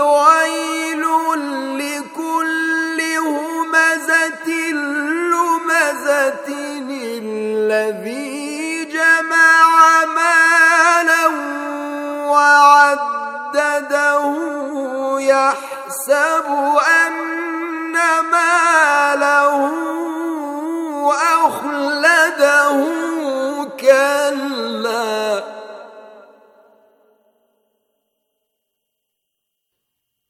ويل لكل همزة لمزة الذي جمع مالا وعدده يحسب أن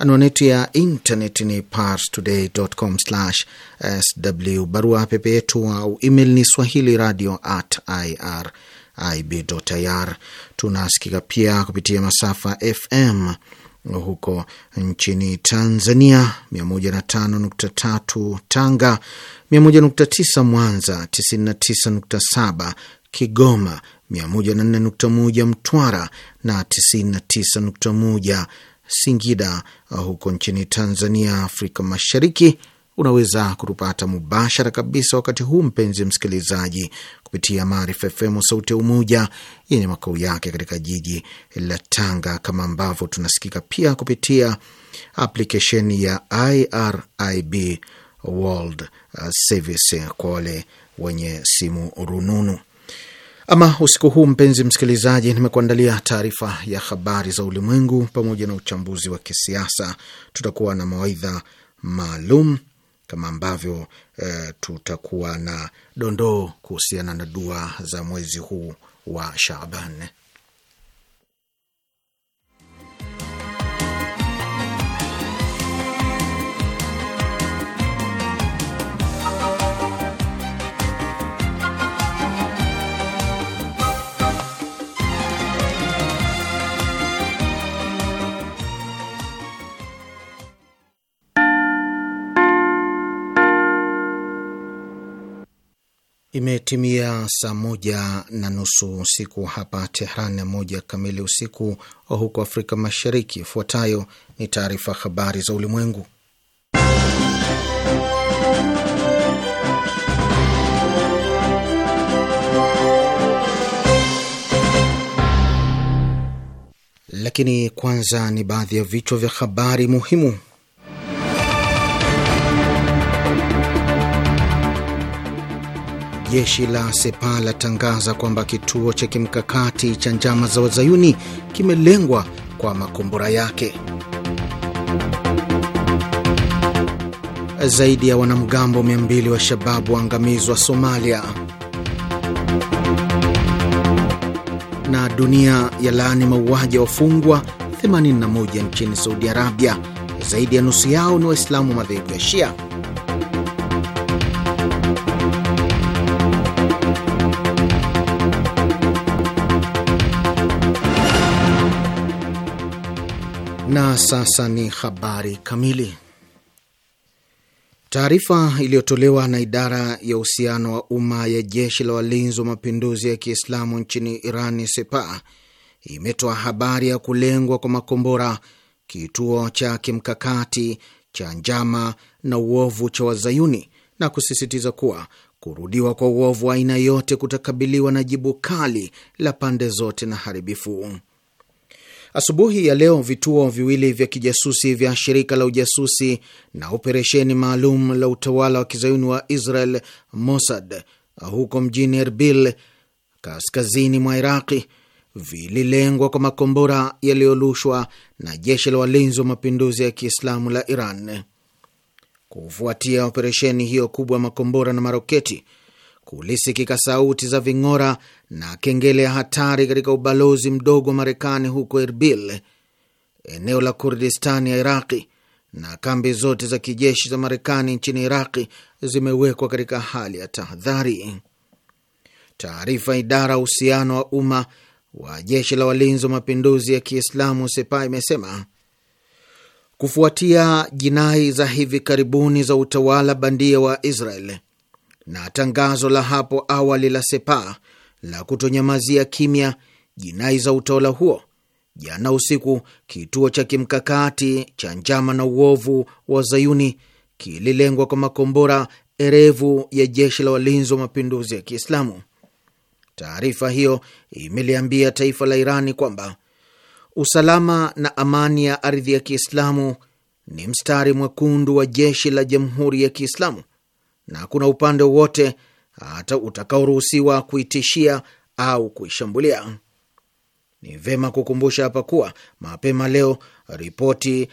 Anwani yetu ya intaneti ni parstoday.com/sw. Barua pepe yetu au email ni swahili radio at irib.ir. Tunasikika pia kupitia masafa FM huko nchini Tanzania, 105.3 Tanga, 101.9 Mwanza, 99.7 Kigoma, 104.1 Mtwara na 99.1 Singida uh, huko nchini Tanzania, Afrika Mashariki. Unaweza kutupata mubashara kabisa wakati huu, mpenzi msikilizaji, kupitia Maarifa FM sauti ya Umoja yenye makao yake katika jiji la Tanga, kama ambavyo tunasikika pia kupitia aplikesheni ya IRIB World uh, Service kwa wale wenye simu rununu. Ama usiku huu, mpenzi msikilizaji, nimekuandalia taarifa ya habari za ulimwengu pamoja na uchambuzi wa kisiasa. Tutakuwa na mawaidha maalum kama ambavyo e, tutakuwa na dondoo kuhusiana na dua za mwezi huu wa Shaaban. Imetimia saa moja na nusu usiku hapa Tehran na moja kamili usiku huko Afrika Mashariki. Ifuatayo ni taarifa habari za ulimwengu, lakini kwanza ni baadhi ya vichwa vya habari muhimu. Jeshi la Sepa latangaza kwamba kituo cha kimkakati cha njama za wazayuni kimelengwa kwa makombora yake. Zaidi ya wanamgambo 200 wa Shababu waangamizwa Somalia. Na dunia ya laani mauaji ya wafungwa 81 nchini Saudi Arabia, zaidi ya nusu yao ni Waislamu madhehebu ya Shia. Na sasa ni habari kamili. Taarifa iliyotolewa na idara ya uhusiano wa umma ya jeshi la walinzi wa mapinduzi ya Kiislamu nchini Iran sepa imetoa habari ya kulengwa kwa makombora kituo cha kimkakati cha njama na uovu cha Wazayuni na kusisitiza kuwa kurudiwa kwa uovu wa aina yote kutakabiliwa na jibu kali la pande zote na haribifu. Asubuhi ya leo vituo viwili vya kijasusi vya shirika la ujasusi na operesheni maalum la utawala wa kizayuni wa Israel, Mossad, huko mjini Erbil, kaskazini mwa Iraqi, vililengwa kwa makombora yaliyolushwa na jeshi la walinzi wa mapinduzi ya Kiislamu la Iran. Kufuatia operesheni hiyo kubwa ya makombora na maroketi kulisikika sauti za ving'ora na kengele ya hatari katika ubalozi mdogo wa Marekani huko Erbil, eneo la Kurdistani ya Iraqi, na kambi zote za kijeshi za Marekani nchini Iraqi zimewekwa katika hali ya tahadhari. Taarifa idara ya uhusiano wa umma wa jeshi la walinzi wa mapinduzi ya Kiislamu Sepa imesema kufuatia jinai za hivi karibuni za utawala bandia wa Israel, na tangazo la hapo awali la Sepa la kutonyamazia kimya jinai za utawala huo, jana usiku kituo cha kimkakati cha njama na uovu wa zayuni kililengwa kwa makombora erevu ya jeshi la walinzi wa mapinduzi ya Kiislamu. Taarifa hiyo imeliambia taifa la Irani kwamba usalama na amani ya ardhi ya Kiislamu ni mstari mwekundu wa jeshi la jamhuri ya Kiislamu na hakuna upande wowote hata utakaoruhusiwa kuitishia au kuishambulia. Ni vema kukumbusha hapa kuwa mapema leo ripoti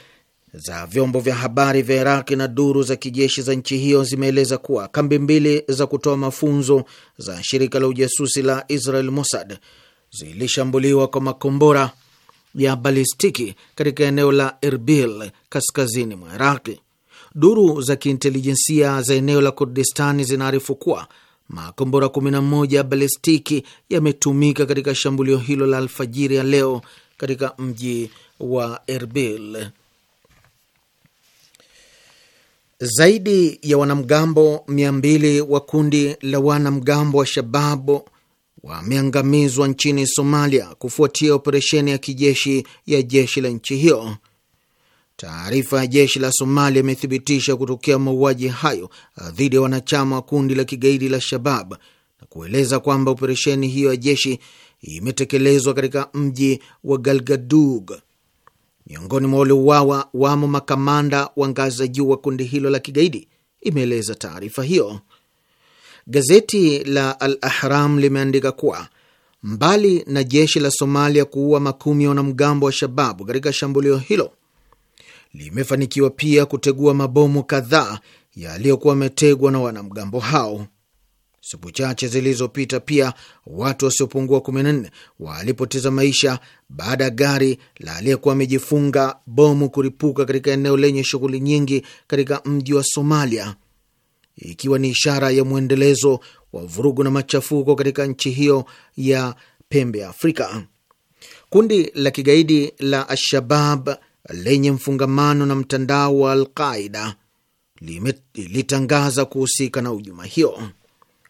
za vyombo vya habari vya iraqi na duru za kijeshi za nchi hiyo zimeeleza kuwa kambi mbili za kutoa mafunzo za shirika la ujasusi la Israel Mossad zilishambuliwa kwa makombora ya balistiki katika eneo la Erbil kaskazini mwa Iraqi. Duru za kiintelijensia za eneo la Kurdistani zinaarifu kuwa makombora 11 ya balistiki yametumika katika shambulio hilo la alfajiri ya leo katika mji wa Erbil. Zaidi ya wanamgambo 200 wa kundi la wanamgambo wa Shababu wameangamizwa nchini Somalia kufuatia operesheni ya kijeshi ya jeshi la nchi hiyo. Taarifa ya jeshi la Somalia imethibitisha kutokea mauaji hayo uh, dhidi ya wanachama wa kundi la kigaidi la Shabab na kueleza kwamba operesheni hiyo ya jeshi imetekelezwa katika mji wa Galgadug. Miongoni mwa waliouawa wamo makamanda wa ngazi za juu wa kundi hilo la kigaidi, imeeleza taarifa hiyo. Gazeti la Al Ahram limeandika kuwa mbali na jeshi la Somalia kuua makumi ya wanamgambo wa Shababu katika shambulio hilo limefanikiwa pia kutegua mabomu kadhaa yaliyokuwa yametegwa na wanamgambo hao. Siku chache zilizopita pia watu wasiopungua 14 walipoteza maisha baada ya gari la aliyekuwa amejifunga bomu kuripuka katika eneo lenye shughuli nyingi katika mji wa Somalia, ikiwa ni ishara ya mwendelezo wa vurugu na machafuko katika nchi hiyo ya pembe ya Afrika. Kundi la kigaidi la Alshabab lenye mfungamano na mtandao wa Alqaida lilitangaza kuhusika na hujuma hiyo.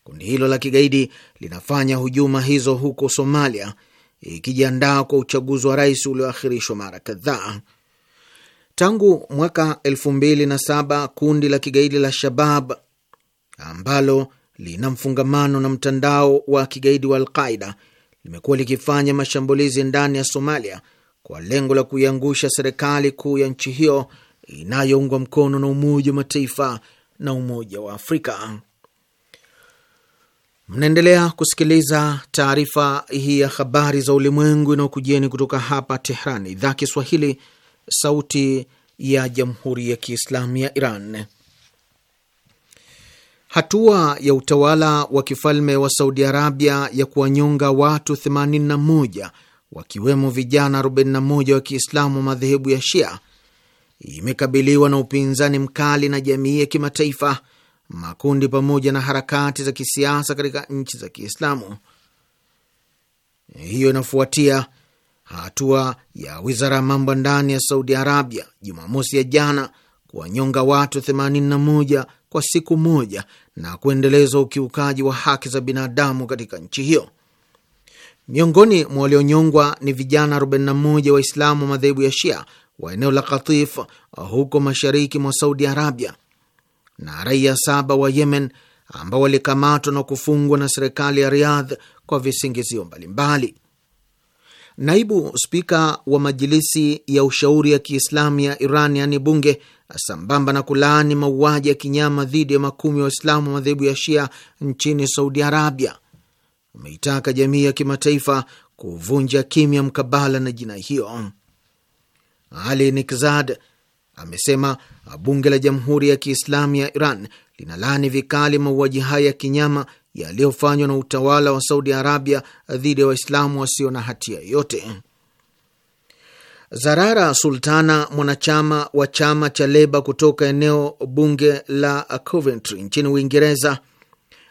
Kundi hilo la kigaidi linafanya hujuma hizo huko Somalia, ikijiandaa kwa uchaguzi wa rais ulioakhirishwa mara kadhaa. Tangu mwaka elfu mbili na saba kundi la kigaidi la Shabab ambalo lina mfungamano na mtandao wa kigaidi wa Alqaida limekuwa likifanya mashambulizi ndani ya Somalia kwa lengo la kuiangusha serikali kuu ya nchi hiyo inayoungwa mkono na Umoja wa Mataifa na Umoja wa Afrika. Mnaendelea kusikiliza taarifa hii ya habari za ulimwengu inayokujieni kutoka hapa Tehran, idhaa Kiswahili, sauti ya jamhuri ya kiislamu ya Iran. Hatua ya utawala wa kifalme wa Saudi Arabia ya kuwanyonga watu 81 wakiwemo vijana 41 wa Kiislamu madhehebu ya Shia imekabiliwa na upinzani mkali na jamii ya kimataifa, makundi pamoja na harakati za kisiasa katika nchi za Kiislamu. Hiyo inafuatia hatua ya wizara ya mambo ndani ya Saudi Arabia Jumamosi ya jana kuwanyonga watu 81 kwa siku moja na kuendeleza ukiukaji wa haki za binadamu katika nchi hiyo. Miongoni mwa walionyongwa ni vijana 41 Waislamu wa madhehebu ya Shia wa eneo la Katif uh, huko mashariki mwa Saudi Arabia na raia saba wa Yemen ambao walikamatwa na kufungwa na serikali ya Riyadh kwa visingizio mbalimbali. Naibu spika wa Majilisi ya Ushauri ya Kiislamu ya Iran, yaani bunge, sambamba na kulaani mauaji ya kinyama dhidi ya makumi wa Waislamu wa madhehebu ya Shia nchini Saudi Arabia umeitaka jamii ya kimataifa kuvunja kimya mkabala na jinai hiyo. Ali Nikzad amesema bunge la Jamhuri ya Kiislamu ya Iran linalaani vikali mauaji haya ya kinyama yaliyofanywa na utawala wa Saudi Arabia dhidi ya Waislamu wasio na hatia yote Zarara Sultana, mwanachama wa chama cha Leba kutoka eneo bunge la Coventry nchini Uingereza,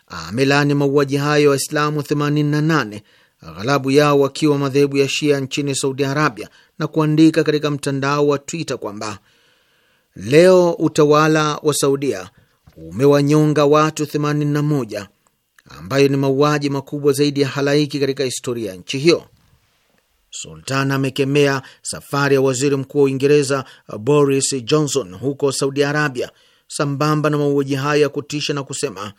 amelaani mauaji hayo ya Waislamu 88 aghalabu yao wakiwa madhehebu ya Shia nchini Saudi Arabia na kuandika katika mtandao wa Twitter kwamba leo utawala wa Saudia umewanyonga watu 81 ambayo ni mauaji makubwa zaidi ya halaiki katika historia ya nchi hiyo. Sultan amekemea safari ya waziri mkuu wa Uingereza Boris Johnson huko Saudi Arabia sambamba na mauaji hayo ya kutisha na kusema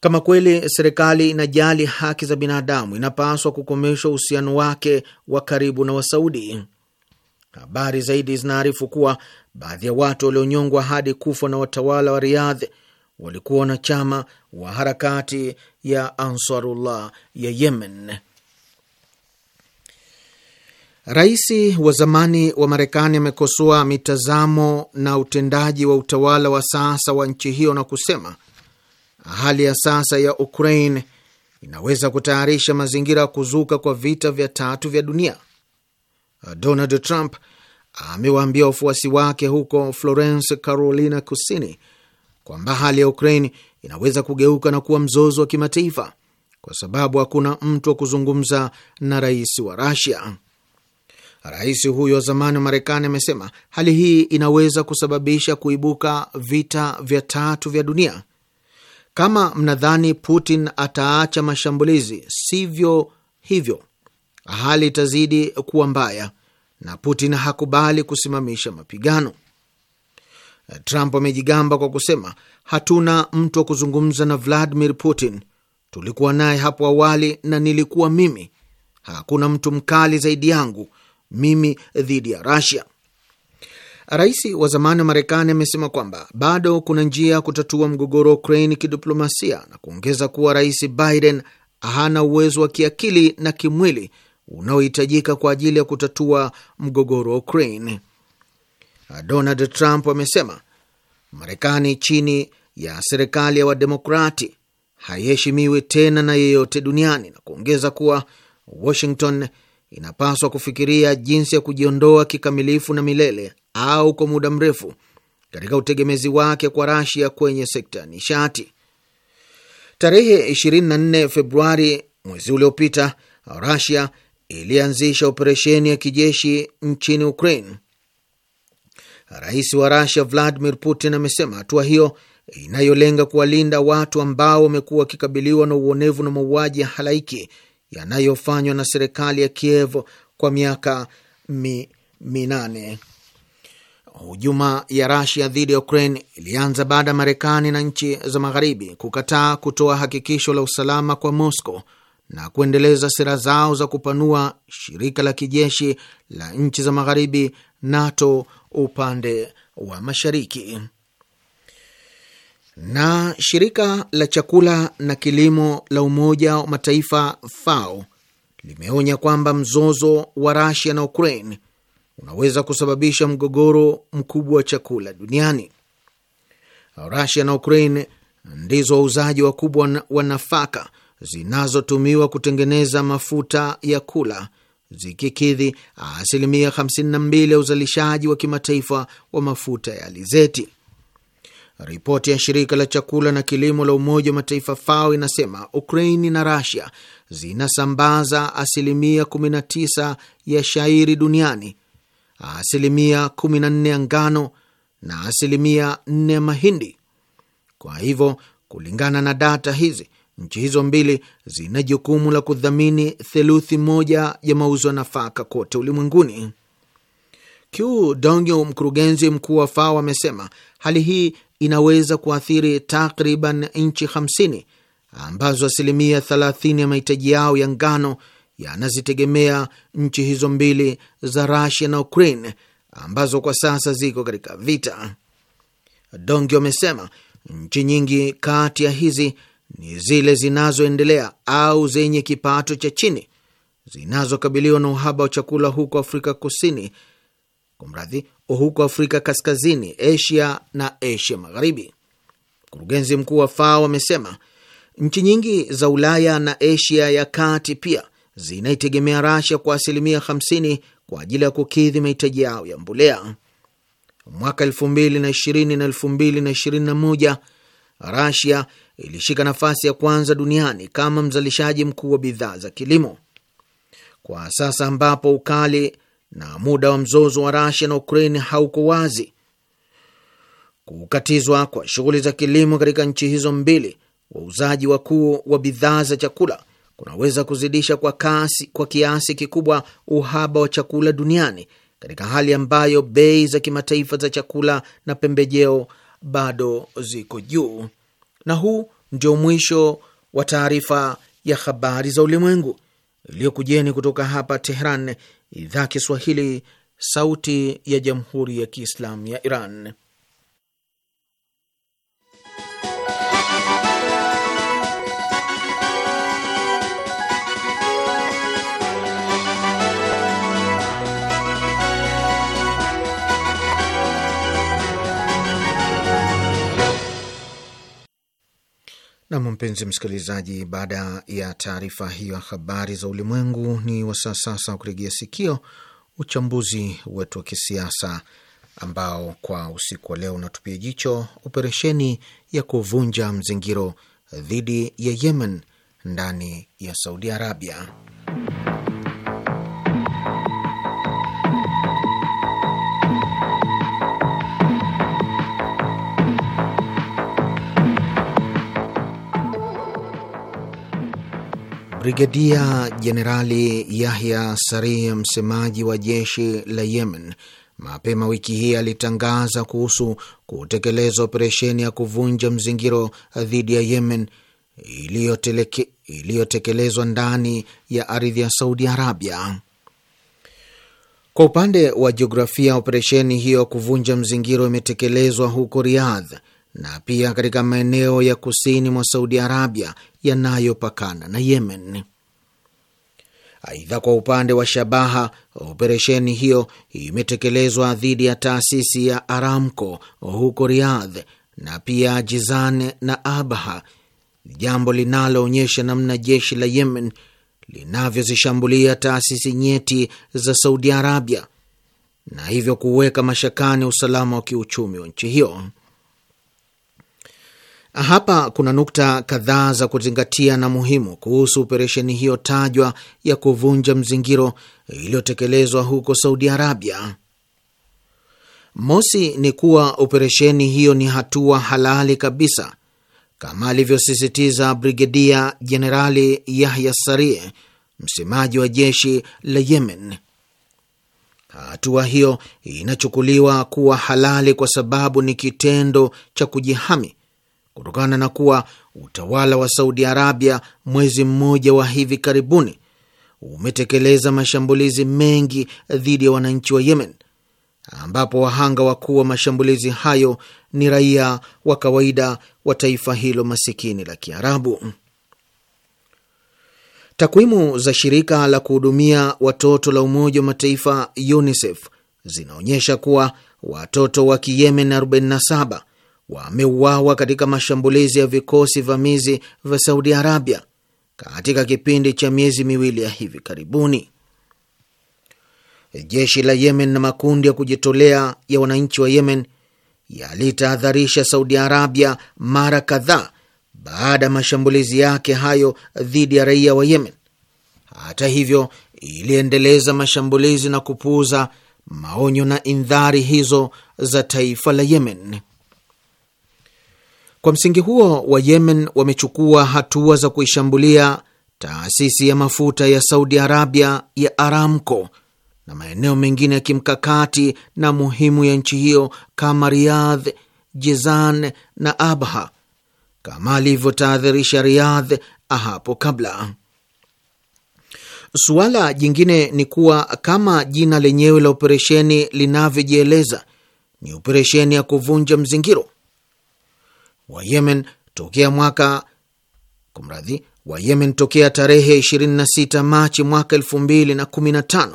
kama kweli serikali inajali haki za binadamu, inapaswa kukomesha uhusiano wake wa karibu na Wasaudi. Habari zaidi zinaarifu kuwa baadhi ya watu walionyongwa hadi kufa na watawala wa Riyadh walikuwa wanachama wa harakati ya Ansarullah ya Yemen. Rais wa zamani wa Marekani amekosoa mitazamo na utendaji wa utawala wa sasa wa nchi hiyo na kusema hali ya sasa ya Ukraine inaweza kutayarisha mazingira ya kuzuka kwa vita vya tatu vya dunia. Donald Trump amewaambia wafuasi wake huko Florence, Carolina Kusini kwamba hali ya Ukraine inaweza kugeuka na kuwa mzozo wa kimataifa kwa sababu hakuna mtu wa kuzungumza na rais wa rasia Rais huyo wa zamani wa Marekani amesema hali hii inaweza kusababisha kuibuka vita vya tatu vya dunia kama mnadhani Putin ataacha mashambulizi, sivyo hivyo. Hali itazidi kuwa mbaya na Putin hakubali kusimamisha mapigano. Trump amejigamba kwa kusema, hatuna mtu wa kuzungumza na Vladimir Putin. Tulikuwa naye hapo awali na nilikuwa mimi. Hakuna mtu mkali zaidi yangu mimi dhidi ya Russia. Rais wa zamani wa Marekani amesema kwamba bado kuna njia ya kutatua mgogoro wa Ukraine kidiplomasia na kuongeza kuwa Rais Biden hana uwezo wa kiakili na kimwili unaohitajika kwa ajili ya kutatua mgogoro wa Ukraine. Donald Trump amesema Marekani chini ya serikali ya Wademokrati haiheshimiwi tena na yeyote duniani na kuongeza kuwa Washington inapaswa kufikiria jinsi ya kujiondoa kikamilifu na milele au kwa muda mrefu katika utegemezi wake kwa Rasia kwenye sekta ya nishati. Tarehe 24 Februari mwezi uliopita, Rasia ilianzisha operesheni ya kijeshi nchini Ukraine. Rais wa Rasia Vladimir Putin amesema hatua hiyo inayolenga kuwalinda watu ambao wamekuwa wakikabiliwa na uonevu na mauaji ya halaiki yanayofanywa na serikali ya Kiev kwa miaka minane Hujuma ya Rasia dhidi ya Ukraine ilianza baada ya Marekani na nchi za Magharibi kukataa kutoa hakikisho la usalama kwa mosco na kuendeleza sera zao za kupanua shirika la kijeshi la nchi za Magharibi, NATO, upande wa mashariki. Na shirika la chakula na kilimo la Umoja wa Mataifa FAO limeonya kwamba mzozo wa Rasia na Ukraine unaweza kusababisha mgogoro mkubwa wa chakula duniani. Rusia na Ukraine ndizo wauzaji wakubwa wa nafaka zinazotumiwa kutengeneza mafuta ya kula zikikidhi asilimia 52 ya uzalishaji wa kimataifa wa mafuta ya alizeti. Ripoti ya shirika la chakula na kilimo la Umoja wa Mataifa FAO inasema Ukraini na Rasia zinasambaza asilimia 19 ya shairi duniani asilimia 14 ya ngano na asilimia 4 ya mahindi. Kwa hivyo, kulingana na data hizi, nchi hizo mbili zina jukumu la kudhamini theluthi moja ya mauzo ya nafaka kote ulimwenguni. Q Dongyu, mkurugenzi mkuu wa FAO, amesema hali hii inaweza kuathiri takriban nchi 50 ambazo asilimia 30 ya mahitaji yao ya ngano yanazitegemea nchi hizo mbili za Rusia na Ukraine ambazo kwa sasa ziko katika vita. Dongi amesema nchi nyingi kati ya hizi ni zile zinazoendelea au zenye kipato cha chini zinazokabiliwa na uhaba wa chakula huko Afrika Kusini, kumradhi, huko Afrika Kaskazini, Asia na Asia Magharibi. Mkurugenzi mkuu wa FAO amesema nchi nyingi za Ulaya na Asia ya kati pia zinaitegemea Rasia kwa asilimia 50 kwa ajili ya kukidhi mahitaji yao ya mbolea. Mwaka elfu na Rasia ilishika nafasi ya kwanza duniani kama mzalishaji mkuu wa bidhaa za kilimo. Kwa sasa ambapo ukali na muda wa mzozo wa Rasia na Ukraine hauko wazi, kukatizwa kwa shughuli za kilimo katika nchi hizo mbili, wauzaji wakuu wa bidhaa za chakula kunaweza kuzidisha kwa kasi, kwa kiasi kikubwa uhaba wa chakula duniani katika hali ambayo bei za kimataifa za chakula na pembejeo bado ziko juu. Na huu ndio mwisho wa taarifa ya habari za ulimwengu iliyokujeni kutoka hapa Tehran, idhaa Kiswahili, sauti ya jamhuri ya kiislamu ya Iran. Nam, mpenzi msikilizaji, baada ya taarifa hiyo ya habari za ulimwengu, ni wasaa sasa wa kuregea sikio uchambuzi wetu wa kisiasa ambao kwa usiku wa leo unatupia jicho operesheni ya kuvunja mzingiro dhidi ya Yemen ndani ya Saudi Arabia. Brigadia Jenerali Yahya saria msemaji wa jeshi la Yemen, mapema wiki hii alitangaza kuhusu kutekeleza operesheni ya kuvunja mzingiro dhidi ya Yemen iliyotekelezwa ndani ya ardhi ya Saudi Arabia. Kwa upande wa jiografia, operesheni hiyo ya kuvunja mzingiro imetekelezwa huko Riyadh na pia katika maeneo ya kusini mwa Saudi Arabia yanayopakana na Yemen. Aidha, kwa upande wa shabaha, operesheni hiyo imetekelezwa dhidi ya taasisi ya Aramco huko Riyadh na pia Jizan na Abha, jambo linaloonyesha namna jeshi la Yemen linavyozishambulia taasisi nyeti za Saudi Arabia na hivyo kuweka mashakani usalama wa kiuchumi wa nchi hiyo. Hapa kuna nukta kadhaa za kuzingatia na muhimu kuhusu operesheni hiyo tajwa ya kuvunja mzingiro iliyotekelezwa huko Saudi Arabia. Mosi ni kuwa operesheni hiyo ni hatua halali kabisa, kama alivyosisitiza Brigedia Jenerali Yahya sarie msemaji wa jeshi la Yemen. Hatua hiyo inachukuliwa kuwa halali kwa sababu ni kitendo cha kujihami kutokana na kuwa utawala wa Saudi Arabia mwezi mmoja wa hivi karibuni umetekeleza mashambulizi mengi dhidi ya wananchi wa Yemen, ambapo wahanga wakuu wa mashambulizi hayo ni raia wa kawaida wa taifa hilo masikini la Kiarabu. Takwimu za shirika la kuhudumia watoto la Umoja wa Mataifa UNICEF zinaonyesha kuwa watoto wa Kiyemen 47 wameuawa katika mashambulizi ya vikosi vamizi vya Saudi Arabia katika kipindi cha miezi miwili ya hivi karibuni. Jeshi la Yemen na makundi ya kujitolea ya wananchi wa Yemen yalitahadharisha Saudi Arabia mara kadhaa baada ya mashambulizi yake hayo dhidi ya raia wa Yemen. Hata hivyo, iliendeleza mashambulizi na kupuuza maonyo na indhari hizo za taifa la Yemen. Kwa msingi huo, wa Yemen wamechukua hatua za kuishambulia taasisi ya mafuta ya Saudi Arabia ya Aramco na maeneo mengine ya kimkakati na muhimu ya nchi hiyo kama Riyadh, Jizan na Abha kama alivyotaadhirisha Riyadh hapo kabla. Suala jingine ni kuwa kama jina lenyewe la operesheni linavyojieleza, ni operesheni ya kuvunja mzingiro wa Yemen tokea mwaka kumradhi wa Yemen tokea tarehe 26 Machi mwaka 2015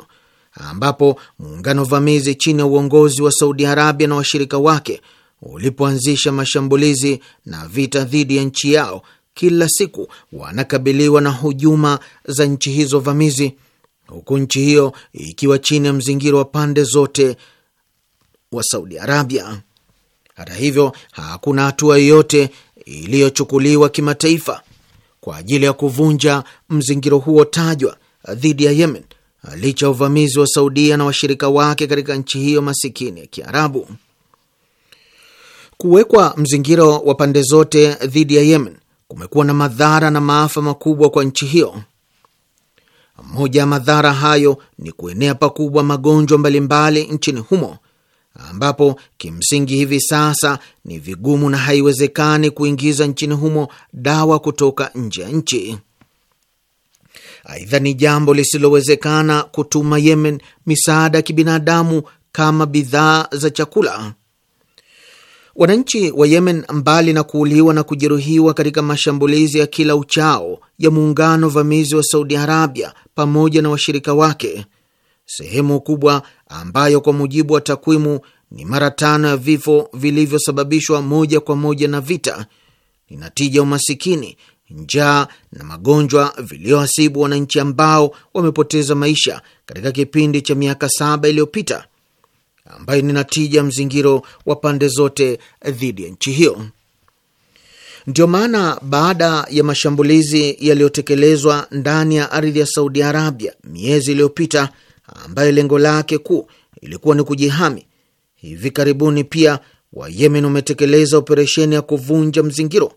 ambapo muungano vamizi chini ya uongozi wa Saudi Arabia na washirika wake ulipoanzisha mashambulizi na vita dhidi ya nchi yao, kila siku wanakabiliwa na hujuma za nchi hizo vamizi, huku nchi hiyo ikiwa chini ya mzingiro wa pande zote wa Saudi Arabia. Hata hivyo, hakuna hatua yoyote iliyochukuliwa kimataifa kwa ajili ya kuvunja mzingiro huo tajwa dhidi ya Yemen licha ya uvamizi wa Saudia na washirika wake katika nchi hiyo masikini ya Kiarabu. Kuwekwa mzingiro wa pande zote dhidi ya Yemen kumekuwa na madhara na maafa makubwa kwa nchi hiyo. Moja ya madhara hayo ni kuenea pakubwa magonjwa mbalimbali nchini humo ambapo kimsingi hivi sasa ni vigumu na haiwezekani kuingiza nchini humo dawa kutoka nje ya nchi. Aidha, ni jambo lisilowezekana kutuma Yemen misaada ya kibinadamu kama bidhaa za chakula. Wananchi wa Yemen, mbali na kuuliwa na kujeruhiwa katika mashambulizi ya kila uchao ya muungano vamizi wa Saudi Arabia pamoja na washirika wake, sehemu kubwa ambayo kwa mujibu wa takwimu ni mara tano ya vifo vilivyosababishwa moja kwa moja na vita, lina tija umasikini, njaa na magonjwa viliohasibu wananchi ambao wamepoteza maisha katika kipindi cha miaka saba iliyopita, ambayo ni natija mzingiro wa pande zote dhidi ya nchi hiyo. Ndiyo maana baada ya mashambulizi yaliyotekelezwa ndani ya ardhi ya Saudi Arabia miezi iliyopita ambayo lengo lake kuu ilikuwa ni kujihami. Hivi karibuni pia Wayemen wametekeleza operesheni ya kuvunja mzingiro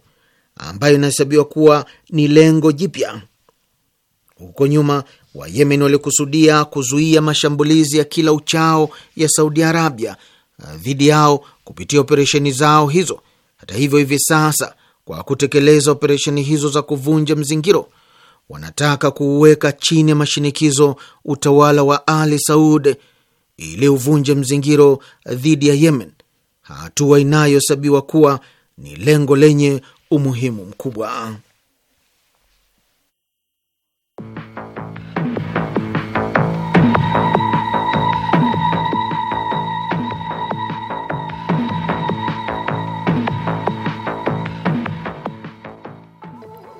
ambayo inahesabiwa kuwa ni lengo jipya. Huko nyuma, Wayemen walikusudia kuzuia mashambulizi ya kila uchao ya Saudi Arabia uh, dhidi yao kupitia operesheni zao hizo. Hata hivyo, hivi sasa kwa kutekeleza operesheni hizo za kuvunja mzingiro wanataka kuuweka chini ya mashinikizo utawala wa Ali Saud ili uvunje mzingiro dhidi ya Yemen, hatua inayohesabiwa kuwa ni lengo lenye umuhimu mkubwa.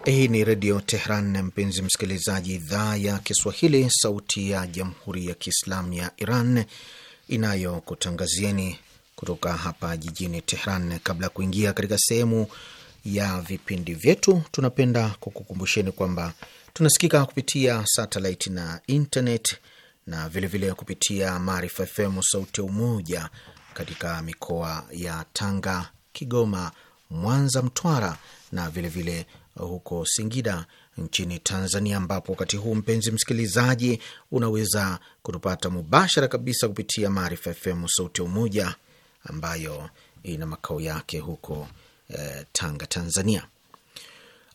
Hii ni Redio Tehran, mpenzi msikilizaji, idhaa ya Kiswahili, sauti ya Jamhuri ya Kiislamu ya Iran inayokutangazieni kutoka hapa jijini Tehran. Kabla ya kuingia katika sehemu ya vipindi vyetu, tunapenda kukukumbusheni kwamba tunasikika kupitia satellite na internet na vilevile vile kupitia Maarifa FM sauti ya Umoja katika mikoa ya Tanga, Kigoma, Mwanza, Mtwara na vilevile vile huko Singida nchini Tanzania, ambapo wakati huu mpenzi msikilizaji, unaweza kutupata mubashara kabisa kupitia Maarifa FM sauti ya Umoja ambayo ina makao yake huko eh, Tanga, Tanzania.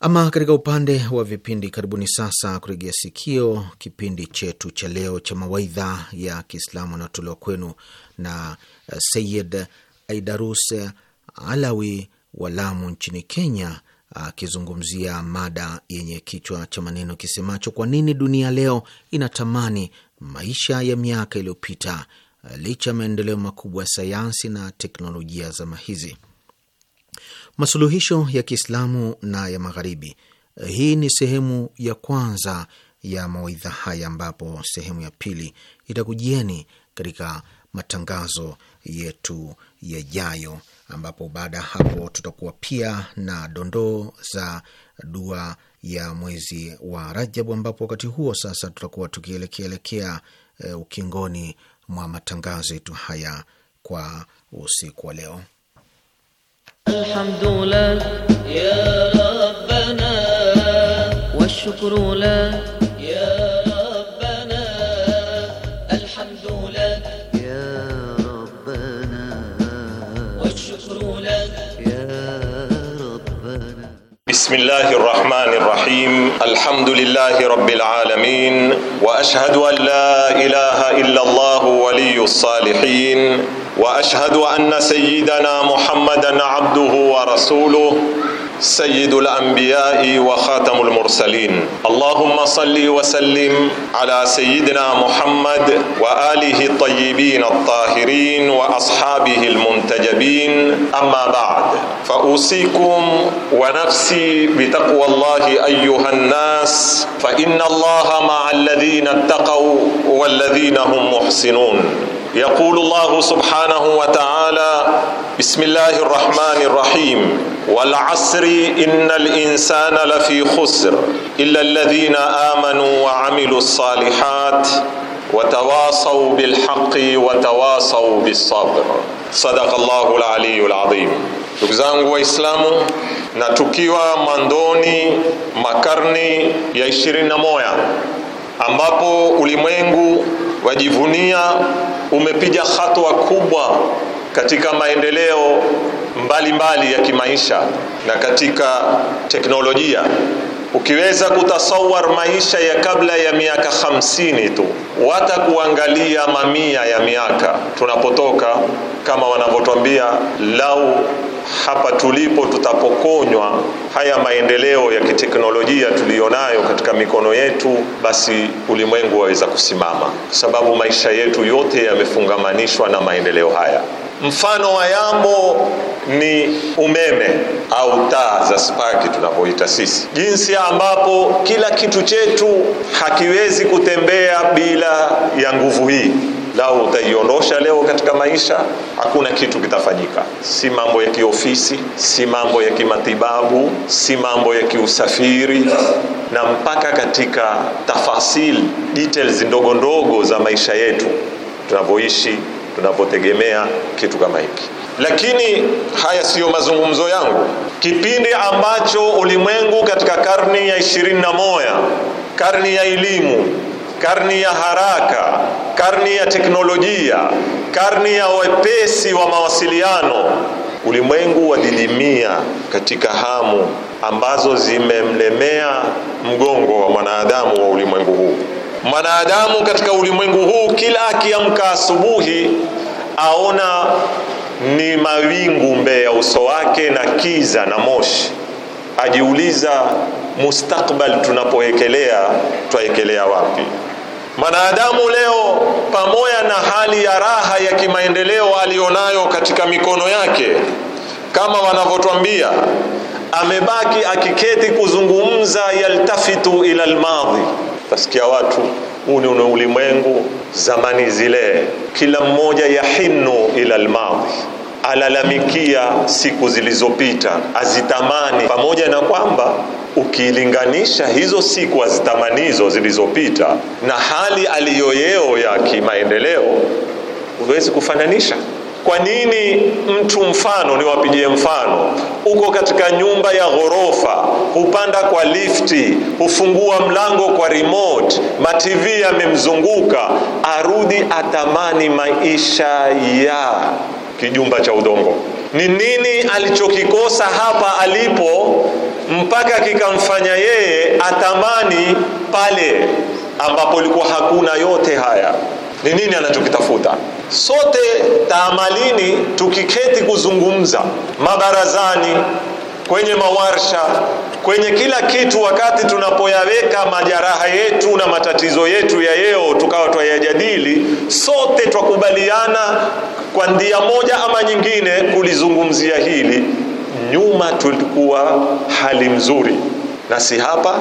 Ama katika upande wa vipindi, karibuni sasa kuregea sikio kipindi chetu cha leo cha mawaidha ya Kiislamu anaotolewa kwenu na eh, Sayid Aidarus Alawi wa Lamu nchini Kenya, akizungumzia mada yenye kichwa cha maneno kisemacho kwa nini dunia leo inatamani maisha ya miaka iliyopita licha ya maendeleo makubwa ya sayansi na teknolojia zama hizi, masuluhisho ya Kiislamu na ya Magharibi. Hii ni sehemu ya kwanza ya mawaidha haya, ambapo sehemu ya pili itakujieni katika matangazo yetu yajayo ambapo baada ya hapo tutakuwa pia na dondoo za dua ya mwezi wa Rajabu, ambapo wakati huo sasa tutakuwa tukielekeelekea e, ukingoni mwa matangazo yetu haya kwa usiku wa leo. Alhamdulillah ya rabbana washukuru بسم الله الرحمن الرحيم الحمد لله رب العالمين واشهد ان لا اله الا الله ولي الصالحين واشهد ان سيدنا محمدا عبده ورسوله سيد الانبياء وخاتم المرسلين اللهم صل وسلم على سيدنا محمد واله الطيبين الطاهرين واصحابه المنتجبين اما بعد فاوصيكم ونفسي بتقوى الله ايها الناس فان الله مع الذين اتقوا والذين هم محسنون يقول الله سبحانه وتعالى بسم الله الرحمن الرحيم والعصر إن الإنسان لفي خسر إلا الذين آمنوا وعملوا الصالحات وتواصوا بالحق وتواصوا بالصبر صدق الله العلي العظيم ndugu zangu waislamu na tukiwa mandoni makarni ya ishirini na ambapo ulimwengu wajivunia umepiga hatua kubwa katika maendeleo mbalimbali mbali ya kimaisha na katika teknolojia. Ukiweza kutasawar maisha ya kabla ya miaka hamsini tu, watakuangalia mamia ya miaka tunapotoka, kama wanavyotwambia lau hapa tulipo tutapokonywa haya maendeleo ya kiteknolojia tuliyonayo katika mikono yetu, basi ulimwengu waweza kusimama, kwa sababu maisha yetu yote yamefungamanishwa na maendeleo haya. Mfano wa yambo ni umeme au taa za spaki tunavyoita sisi, jinsi ambapo kila kitu chetu hakiwezi kutembea bila ya nguvu hii lau utaiondosha leo katika maisha, hakuna kitu kitafanyika. Si mambo ya kiofisi, si mambo ya kimatibabu, si mambo ya kiusafiri, na mpaka katika tafasil details ndogo ndogo za maisha yetu tunavyoishi, tunavyotegemea kitu kama hiki. Lakini haya siyo mazungumzo yangu. Kipindi ambacho ulimwengu katika karni ya ishirini na moja, karni ya elimu karni ya haraka, karni ya teknolojia, karni ya wepesi wa mawasiliano, ulimwengu wadidimia katika hamu ambazo zimemlemea mgongo wa mwanadamu wa ulimwengu huu. Mwanadamu katika ulimwengu huu kila akiamka asubuhi aona ni mawingu mbele ya uso wake na kiza na moshi, ajiuliza mustakbal tunapoekelea, twaekelea wapi? Mwanadamu leo pamoja na hali ya raha ya kimaendeleo aliyonayo katika mikono yake, kama wanavyotwambia, amebaki akiketi kuzungumza, yaltafitu ila almadhi. Tasikia watu huu ni ulimwengu, zamani zile, kila mmoja yahinu ila almadhi alalamikia siku zilizopita, azitamani, pamoja na kwamba ukilinganisha hizo siku azitamanizo zilizopita na hali aliyoyeo ya kimaendeleo huwezi kufananisha. Kwa nini mtu, mfano niwapigie mfano, uko katika nyumba ya ghorofa, hupanda kwa lifti, hufungua mlango kwa remote, matv yamemzunguka, arudi atamani maisha ya kijumba cha udongo. Ni nini alichokikosa hapa alipo mpaka kikamfanya yeye atamani pale ambapo ilikuwa hakuna yote haya? Ni nini anachokitafuta? Sote taamalini, tukiketi kuzungumza mabarazani kwenye mawarsha, kwenye kila kitu. Wakati tunapoyaweka majaraha yetu na matatizo yetu ya yeo tukawa twayajadili, sote twakubaliana kwa ndia moja ama nyingine kulizungumzia hili. Nyuma tulikuwa hali mzuri, na si hapa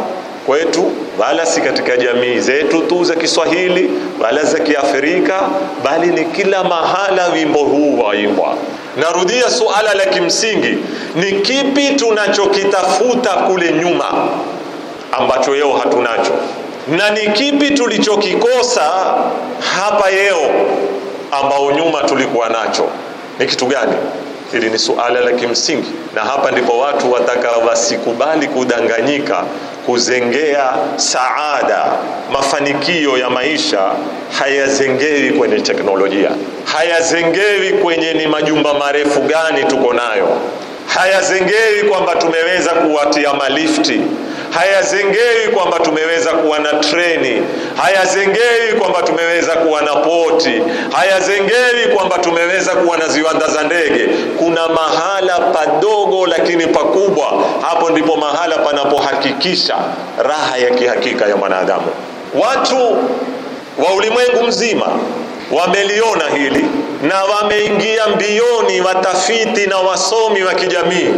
kwetu, wala si katika jamii zetu tu za Kiswahili wala za Kiafrika, bali ni kila mahala wimbo huu waimbwa. Narudia suala la kimsingi, ni kipi tunachokitafuta kule nyuma ambacho leo hatunacho, na ni kipi tulichokikosa hapa leo ambao nyuma tulikuwa nacho? Ni kitu gani? Hili ni suala la kimsingi, na hapa ndipo watu wataka wasikubali kudanganyika, kuzengea saada. Mafanikio ya maisha hayazengewi kwenye teknolojia, hayazengewi kwenye ni majumba marefu gani tuko nayo, hayazengewi kwamba tumeweza kuwatia malifti hayazengei kwamba tumeweza kuwa na treni, hayazengei kwamba tumeweza kuwa na poti, hayazengei kwamba tumeweza kuwa na ziwanda za ndege. Kuna mahala padogo lakini pakubwa, hapo ndipo mahala panapohakikisha raha ya kihakika ya mwanadamu. Watu wa ulimwengu mzima wameliona hili na wameingia mbioni watafiti na wasomi wa kijamii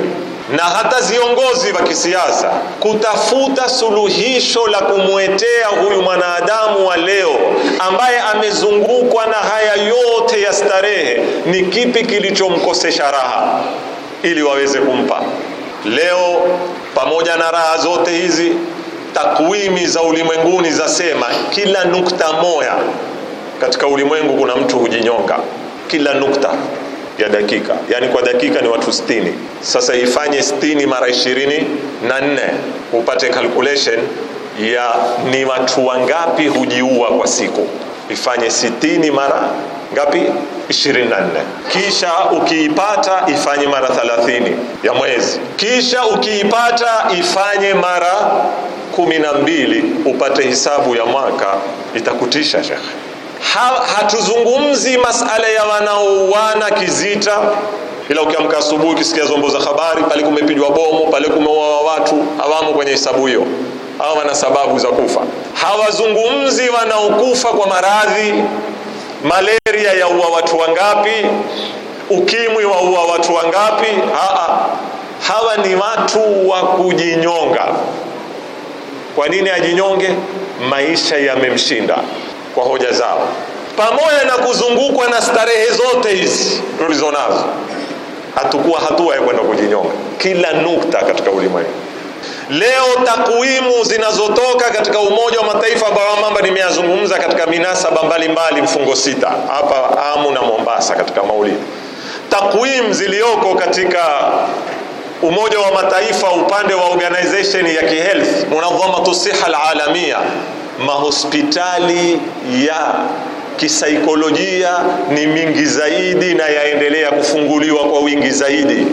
na hata viongozi wa kisiasa kutafuta suluhisho la kumwetea huyu mwanadamu wa leo ambaye amezungukwa na haya yote ya starehe, ni kipi kilichomkosesha raha ili waweze kumpa. Leo pamoja na raha zote hizi, takwimi za ulimwenguni zasema kila nukta moya katika ulimwengu kuna mtu hujinyonga, kila nukta ya dakika, yani kwa dakika ni watu 60 Sasa ifanye 60 mara 20 na 4 upate calculation ya ni watu wangapi hujiua kwa siku. Ifanye 60 mara ngapi? 24. Kisha ukiipata ifanye mara 30 ya mwezi, kisha ukiipata ifanye mara 12 upate hisabu ya mwaka. Itakutisha shekhe ha, hatuzungumzi masala ya wanaouana kizita, ila ukiamka asubuhi ukisikia zombo za habari pale kumepigwa bomu pale kumeuawa watu, hawamo kwenye hesabu hiyo. Hawa wana sababu za kufa. Hawazungumzi wanaokufa kwa maradhi, malaria yaua watu wangapi, ukimwi waua watu wangapi? Aa, hawa ni watu wa kujinyonga. Kwa nini ajinyonge? Maisha yamemshinda kwa hoja zao, pamoja na kuzungukwa na starehe zote hizi tulizonazo hatukuwa hatua ya kwenda kujinyonga kila nukta katika ulimwengu. Leo takwimu zinazotoka katika Umoja wa Mataifa ambayo mamba nimeyazungumza katika minasaba mbalimbali, mfungo sita hapa Amu na Mombasa katika maulidi, takwimu ziliyoko katika Umoja wa Mataifa upande wa organization ya kihealth, Munadhamatu Siha Alalamia mahospitali ya kisaikolojia ni mingi zaidi na yaendelea kufunguliwa kwa wingi zaidi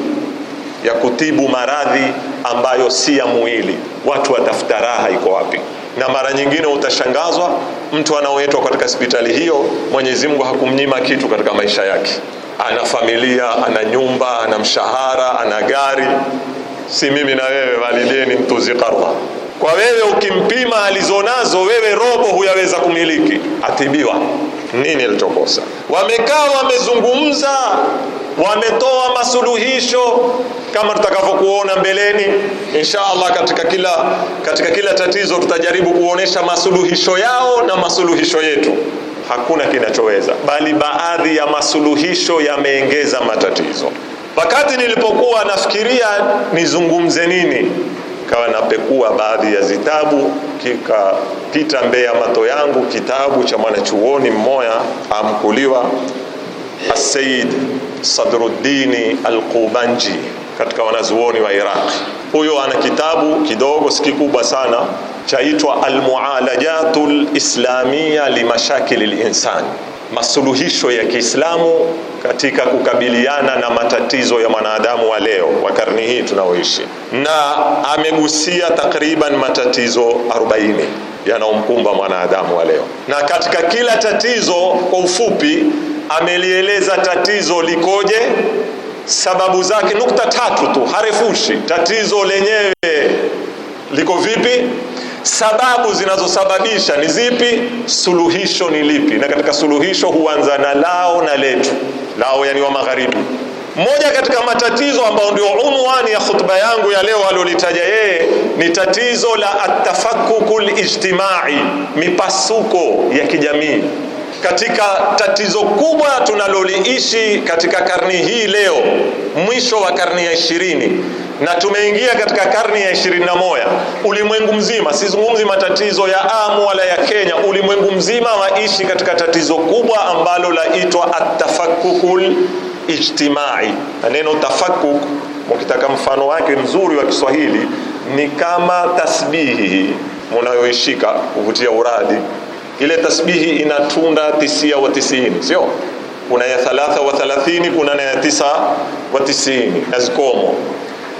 ya kutibu maradhi ambayo si ya mwili. Watu watafuta raha iko wapi? Na mara nyingine utashangazwa, mtu anaoetwa katika hospitali hiyo, Mwenyezi Mungu hakumnyima kitu katika maisha yake. Ana familia, ana nyumba, ana mshahara, ana gari. Si mimi na wewe, walideni mtuzi karwa kwa wewe ukimpima alizonazo wewe, robo huyaweza kumiliki, atibiwa nini alichokosa. Wamekaa wamezungumza, wametoa masuluhisho kama tutakavyokuona mbeleni insha Allah. Katika kila, katika kila tatizo tutajaribu kuonesha masuluhisho yao na masuluhisho yetu. Hakuna kinachoweza bali, baadhi ya masuluhisho yameengeza matatizo. Wakati nilipokuwa nafikiria nizungumze nini nikawa napekua baadhi ya zitabu, kikapita mbele ya mato yangu kitabu cha mwanachuoni mmoya amkuliwa Asayid Sadruddini Alqubanji katika wanazuoni wa Iraq. Huyo ana kitabu kidogo, si kikubwa sana, chaitwa Almualajatu Lislamia Limashakili Linsani masuluhisho ya Kiislamu katika kukabiliana na matatizo ya mwanadamu wa leo wa karne hii tunaoishi, na amegusia takriban matatizo 40 yanayomkumba mwanadamu wa leo, na katika kila tatizo kwa ufupi amelieleza tatizo likoje, sababu zake, nukta tatu tu, harefushi. Tatizo lenyewe liko vipi? sababu zinazosababisha ni zipi, suluhisho ni lipi, na katika suluhisho huanza na lao na letu. Lao yani wa magharibi. Moja katika matatizo ambayo ndio unwani ya khutba yangu ya leo alolitaja yeye ni tatizo la atafakukul lijtimai mipasuko ya kijamii katika tatizo kubwa tunaloliishi katika karni hii leo, mwisho wa karni ya ishirini na tumeingia katika karni ya ishirini na moja. Ulimwengu mzima, sizungumzi matatizo ya amu wala ya Kenya, ulimwengu mzima waishi katika tatizo kubwa ambalo laitwa atafakukul ijtimai. Na neno tafakuk, mkitaka mfano wake mzuri wa Kiswahili, ni kama tasbihi munayoishika kuvutia uradi ile tasbihi ina tunda tisia wa tisini, sio kuna ya thalatha wa thalathini, kuna na ya tisa wa tisini na zikomo.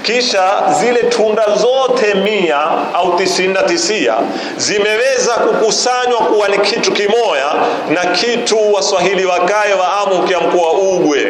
Kisha zile tunda zote mia au tisini na tisia zimeweza kukusanywa kuwa ni kitu kimoya, na kitu waswahili wakaye waamu mkoa ugwe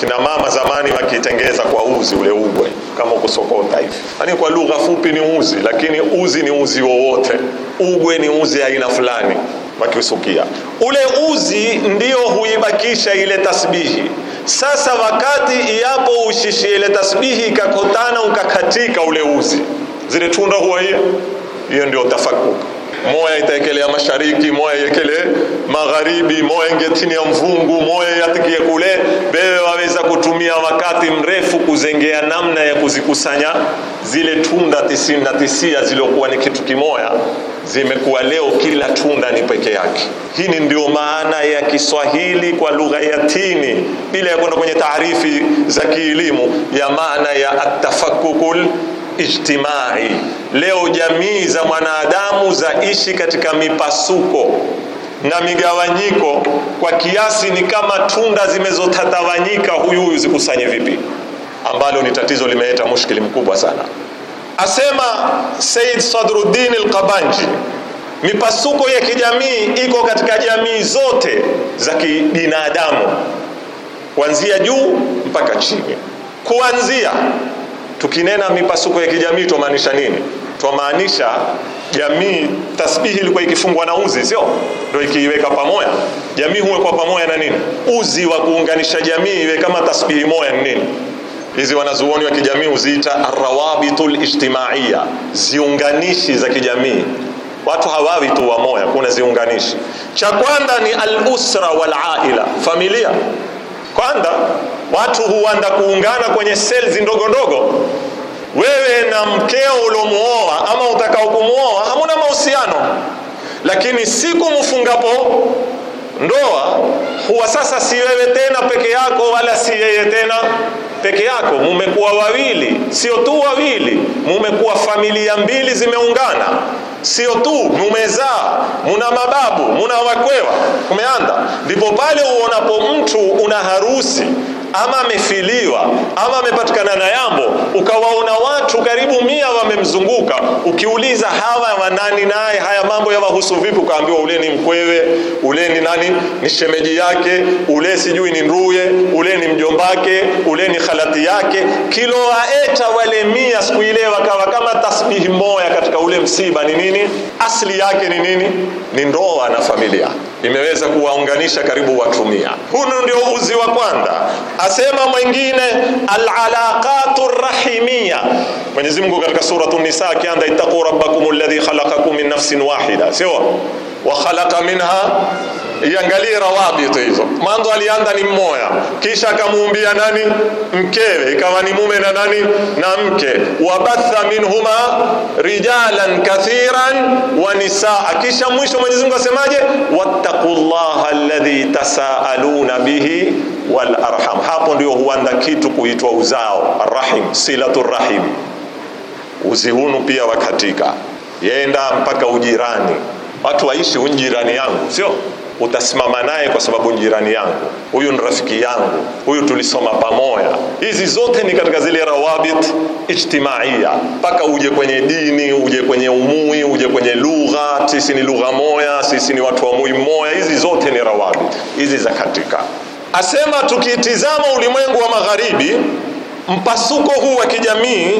Kina mama zamani wakitengeza kwa uzi ule ugwe kama ukusokota hivi, yaani kwa lugha fupi ni uzi, lakini uzi ni uzi wowote, ugwe ni uzi aina fulani wakiusukia ule uzi ndio huibakisha ile tasbihi. Sasa wakati iapo ushishi ile tasbihi ikakotana ukakatika ule uzi, zile tunda huwa hiyo hiyo ndio tafakuka moya itaekelea mashariki, moya yekele magharibi, moya ingia chini ya mvungu, moya yatikie kule. Bewe waweza kutumia wakati mrefu kuzengea namna ya kuzikusanya zile tunda tisini na tisia ziliokuwa ni kitu kimoya, zimekuwa leo kila tunda ni peke yake. Hii ndio maana ya Kiswahili kwa lugha ya tini, bila ya kwenda kwenye taarifi za kielimu ya maana ya atafakukul ijtimai. Leo jamii za mwanadamu zaishi katika mipasuko na migawanyiko kwa kiasi, ni kama tunda zimezotatawanyika, huyu huyu zikusanye vipi, ambalo ni tatizo limeleta mushkili mkubwa sana. Asema Said Sadruddin al-Qabanji, mipasuko ya kijamii iko katika jamii zote za kibinadamu kuanzia juu mpaka chini, kuanzia Tukinena mipasuko ya kijamii twamaanisha nini? Twamaanisha jamii, tasbihi ilikuwa ikifungwa na uzi, sio ndio? Ikiiweka pamoja jamii huwekwa pamoja na nini? Uzi wa kuunganisha jamii iwe kama tasbihi moja ni nini? Hizi wanazuoni wa kijamii huziita arrawabitu lijtimaiya, ziunganishi za kijamii. Watu hawawi tu wamoya, kuna ziunganishi. Cha kwanza ni alusra walaila, familia kwanza watu huanda kuungana kwenye selzi ndogo ndogo. Wewe na mkeo ulomuoa ama utakao kumuoa hamuna mahusiano, lakini siku mfungapo Ndoa huwa sasa si wewe tena peke yako, wala si yeye tena peke yako. Mumekuwa wawili, sio tu wawili, mumekuwa familia mbili zimeungana, sio tu mumezaa, muna mababu, muna wakwewa, kumeanda. Ndipo pale uonapo mtu una harusi ama amefiliwa ama amepatikana na yambo, ukawaona watu karibu mia wamemzunguka, ukiuliza hawa wanani naye haya mambo yawahusu vipi? Ukaambiwa ule ni mkwewe, ule ni nani, ni shemeji yake, ule sijui ni nduye, ule ni mjombake, ule ni khalati yake. Kilowaeta wale mia siku ile wakawa kama tasbihi moya katika ule msiba. Ni nini asili yake? Ni nini? Ni ndoa na familia imeweza kuwaunganisha karibu watu mia. Huno ndio uzi wa kwanza. Asema mwingine alalaqatu rahimia. Mwenyezi Mungu katika suratu Nisa akianda ittaqu rabbakum alladhi khalaqakum min nafsin wahida, sio wa khalaqa minha iangalie rawabiti hizo. Mwanzo alianza ni mmoja, kisha akamuumbia nani mkewe, ikawa ni mume na nani na mke. Wabatha minhuma rijalan kathiran wa nisaa. Kisha mwisho Mwenyezi Mungu asemaje? Wattaqullaha alladhi tasaaluna bihi wal arham. Hapo ndio huanda kitu kuitwa uzao, arrahim, silatu rahim. Uzihunu pia wakatika, yenda mpaka ujirani, watu waishi unjirani yangu, sio utasimama naye kwa sababu jirani yangu huyu, ni rafiki yangu huyu, tulisoma pamoja. Hizi zote ni katika zile rawabit ijtimaia, mpaka uje kwenye dini, uje kwenye umui, uje kwenye lugha. Sisi ni lugha moya, sisi ni watu wa mui moya. Hizi zote ni rawabit hizi za katika. Asema tukitizama ulimwengu wa magharibi, mpasuko huu wa kijamii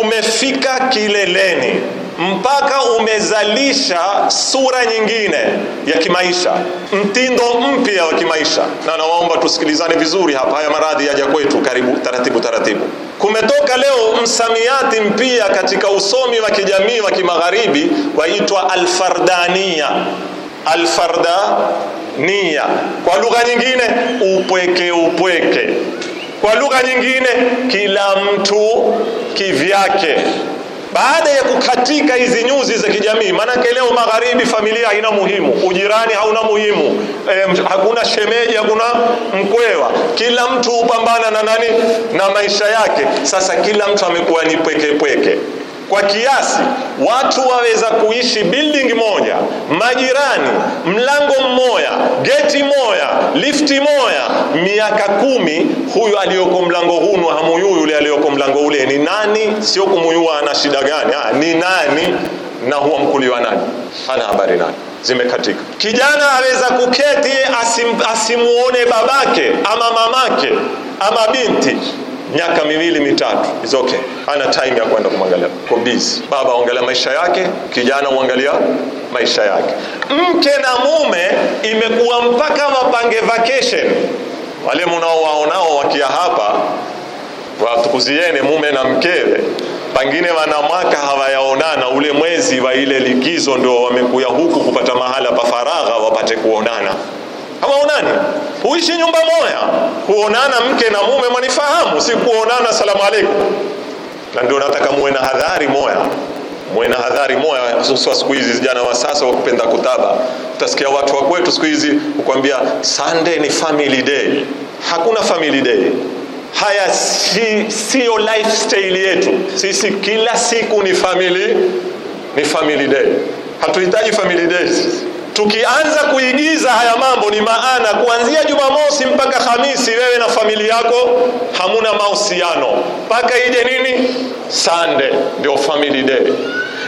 umefika kileleni mpaka umezalisha sura nyingine ya kimaisha, mtindo mpya wa kimaisha. Na nawaomba tusikilizane vizuri hapa, haya maradhi yaja kwetu karibu taratibu taratibu. Kumetoka leo msamiati mpya katika usomi wa kijamii wa kimagharibi waitwa alfardania, alfardania, kwa lugha nyingine upweke upweke kwa lugha nyingine, kila mtu kivyake. Baada ya kukatika hizi nyuzi za kijamii, maanake leo magharibi familia haina muhimu, ujirani hauna muhimu, e, hakuna shemeji, hakuna mkwewa, kila mtu hupambana na nani na maisha yake. Sasa kila mtu amekuwa ni pwekepweke pweke kwa kiasi watu waweza kuishi building moja, majirani, mlango mmoja, geti moja, lifti moja, miaka kumi. Huyu aliyoko mlango huu na hamuyui yule aliyoko mlango ule ni nani? Sio kumuyua ana shida gani, ha, ah, ni nani na huwa mkuliwa nani, hana habari nani zimekatika. Kijana aweza kuketi asim, asimuone babake ama mamake ama binti miaka miwili mitatu, is okay, ana time ya kwenda kumwangalia, ko busy. Baba angalia maisha yake, kijana uangalia maisha yake. Mke na mume imekuwa mpaka wapange vacation. Wale mnaowaonao wakia hapa, watukuzieni mume na mkewe pangine wana mwaka hawayaonana, ule mwezi wa ile likizo ndio wamekuya huku kupata mahala pa faragha wapate kuonana hawaonani, huishi nyumba moya, huonana mke na mume, mwanifahamu, si kuonana salamu aleikum. Na ndio nataka muwe na hadhari moya muwe na hadhari moya, hususa siku hizi vijana wa sasa wakupenda kutaba. Utasikia watu wa kwetu siku hizi ukwambia Sunday ni family day. Hakuna family day, haya si, siyo lifestyle yetu sisi. Kila siku ni family, ni family day, hatuhitaji family sisi tukianza kuigiza haya mambo ni maana kuanzia Jumamosi mpaka Hamisi wewe na familia yako hamuna mahusiano mpaka ije nini sande ndio family day.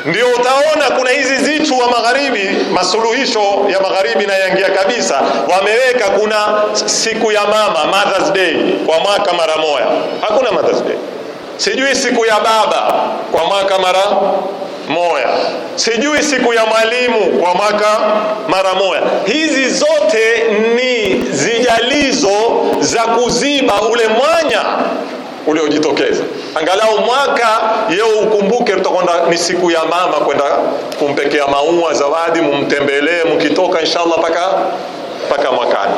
Ndio utaona kuna hizi zitu wa magharibi, masuluhisho ya magharibi na yangia kabisa, wameweka kuna siku ya mama Mother's Day kwa mwaka mara moja, hakuna Mother's Day, sijui siku ya baba kwa mwaka mara moya, sijui siku ya mwalimu kwa mwaka mara moya. Hizi zote ni zijalizo za kuziba ule mwanya uliojitokeza angalau mwaka yeo ukumbuke, tutakwenda ni siku ya mama, kwenda kumpekea maua, zawadi, mumtembelee mkitoka, inshallah paka paka mwakani.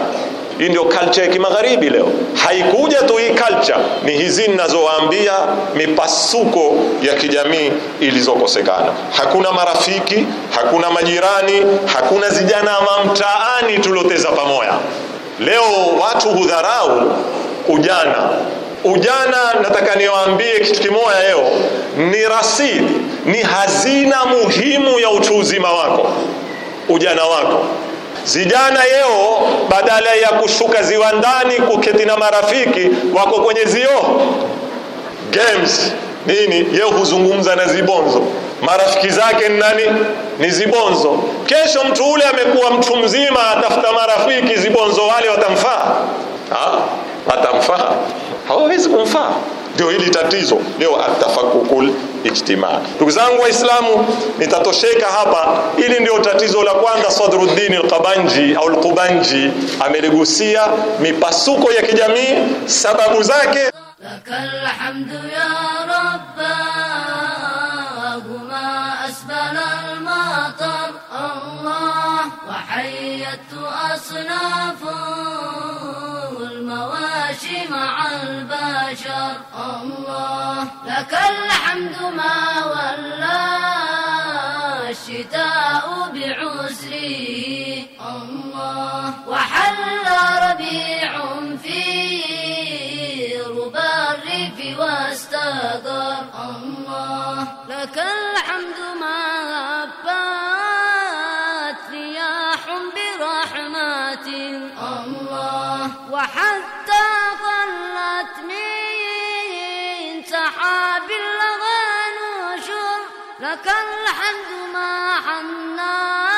Hii ndio culture ya kimagharibi leo, haikuja tu hii culture, ni hizi ninazowaambia, mipasuko ya kijamii ilizokosekana. Hakuna marafiki, hakuna majirani, hakuna zijana wa mtaani tulioteza pamoja. Leo watu hudharau ujana. Ujana, nataka niwaambie kitu kimoja leo, ni rasidi ni hazina muhimu ya utu uzima wako, ujana wako zijana yeo badala ya kushuka ziwandani kuketi na marafiki wako kwenye zio games nini, yeo huzungumza na zibonzo. Marafiki zake ni nani? Ni zibonzo. Kesho mtu ule amekuwa mtu mzima, atafuta marafiki zibonzo, wale watamfaa? Watamfaa? hawawezi kumfaa. Ndio hili tatizo leo, atafakukul ijtima Ndugu zangu Waislamu, nitatosheka hapa. Hili ndio tatizo la kwanza. Sadruddin al-Qabanji au al-Qubanji ameligusia mipasuko ya kijamii, sababu zake المواشي مع البشر الله لك الحمد ما ولى الشتاء بعسره الله وحل ربيع في ربى الريف واستقر الله لك الحمد ما هبت رياح برحمة الله وحتى ظلت من سحاب الغنوش لك الحمد ما حناه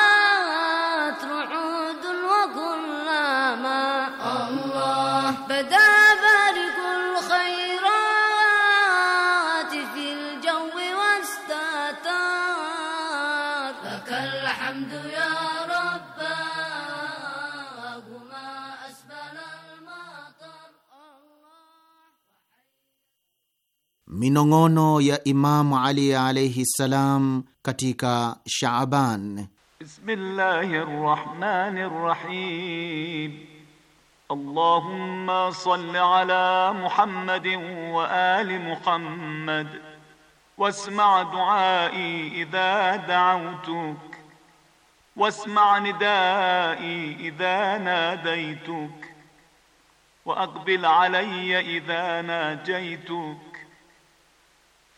minong'ono ya Imamu Ali alaihi ssalam katika Shaaban. Bismillahi rahmani rahim. Allahumma salli ala Muhammadin wa ali Muhammad wasma duai idha dautuk wasma nidai idha nadaituk wa aqbil alayya idha najaituk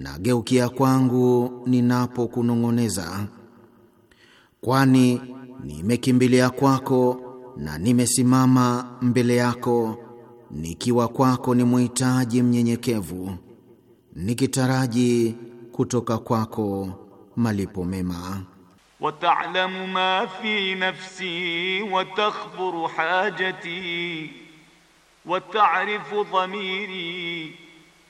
na geukia kwangu ninapokunong'oneza, kwani nimekimbilia kwako na nimesimama mbele yako nikiwa kwako ni muhitaji mnyenyekevu, nikitaraji kutoka kwako malipo mema. wataalamu ma fi nafsi wa takhburu hajati wa ta'rifu dhamiri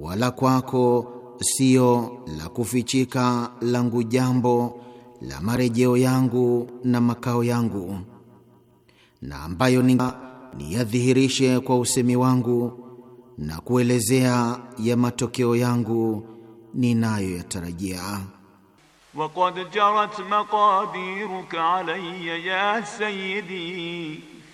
wala kwako sio la kufichika langu jambo la marejeo yangu na makao yangu, na ambayo niyadhihirishe kwa usemi wangu na kuelezea ya matokeo yangu ninayoyatarajia. waqad jarat maqadiruka alayya ya sayyidi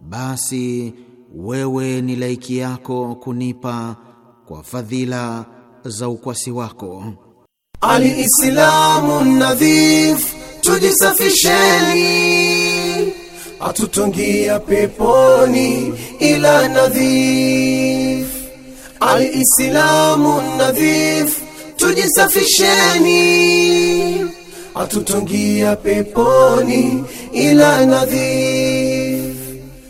basi wewe ni laiki yako kunipa kwa fadhila za ukwasi wako. Ali nadhif, tujisafisheni, atutungia peponi ila nadhif. Ali nadhif, tujisafisheni, atutungia peponi ila nadhif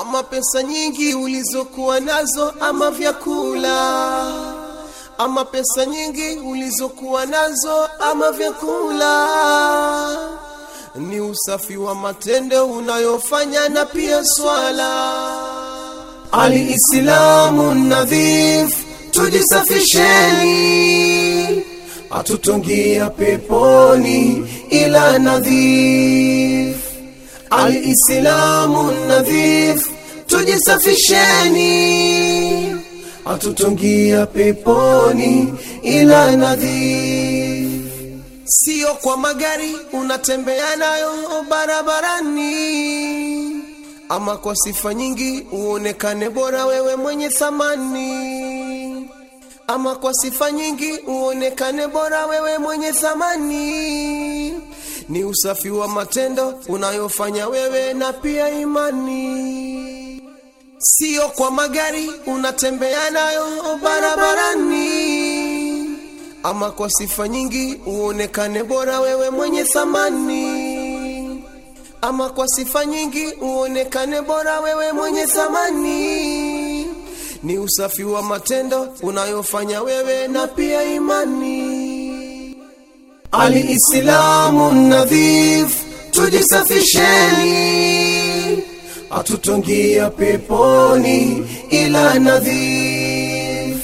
ama pesa nyingi ulizokuwa nazo ama vyakula ama pesa nyingi ulizokuwa nazo ama vyakula, ni usafi wa matendo unayofanya na pia swala. alislamu nadhif, tujisafisheni, atutungia peponi ila nadhif Alislamu nadhif, tujisafisheni, atutungia peponi ila nadhif. Sio kwa magari unatembea nayo barabarani, ama kwa sifa nyingi uonekane bora wewe mwenye thamani, ama kwa sifa nyingi uonekane bora wewe mwenye thamani ni usafi wa matendo unayofanya wewe na pia imani. Sio kwa magari unatembea nayo barabarani, ama kwa sifa nyingi uonekane bora wewe mwenye thamani, ama kwa sifa nyingi uonekane bora wewe mwenye thamani ni usafi wa matendo unayofanya wewe na pia imani. Aliislamu nadhif, tujisafisheni, atutongia peponi ila nadhif.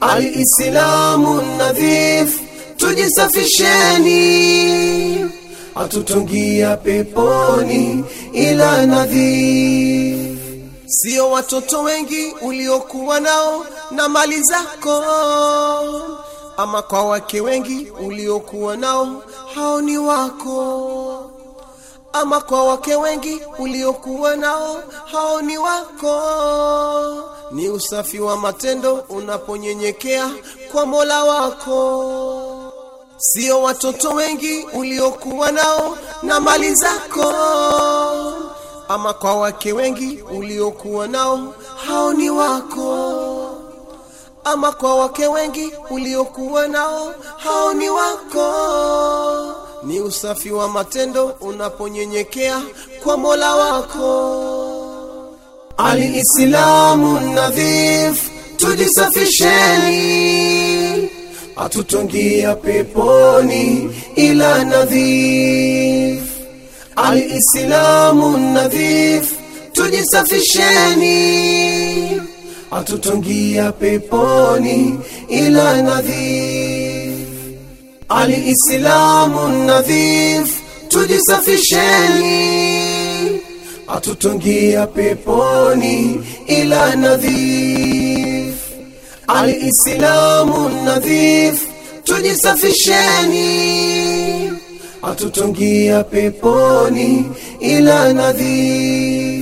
Aliislamu nadhif, tujisafisheni, atutongia peponi ila nadhif. Sio watoto wengi uliokuwa nao na mali zako ama kwa wake wengi uliokuwa nao hao ni wako ama kwa wake wengi uliokuwa nao hao ni wako ni usafi wa matendo unaponyenyekea kwa mola wako sio watoto wengi uliokuwa nao na mali zako ama kwa wake wengi uliokuwa nao hao ni wako ama kwa wake wengi uliokuwa nao, hao ni wako. Ni usafi wa matendo unaponyenyekea kwa Mola wako. alislamu nadhif, tujisafisheni, atutongia peponi ila nadhif. alislamu nadhif, tujisafisheni atutungia peponi ila nadhif ali islamu nadhif tujisafisheni atutungia peponi ila nadhif ali islamu nadhif tujisafisheni atutungia peponi ila nadhif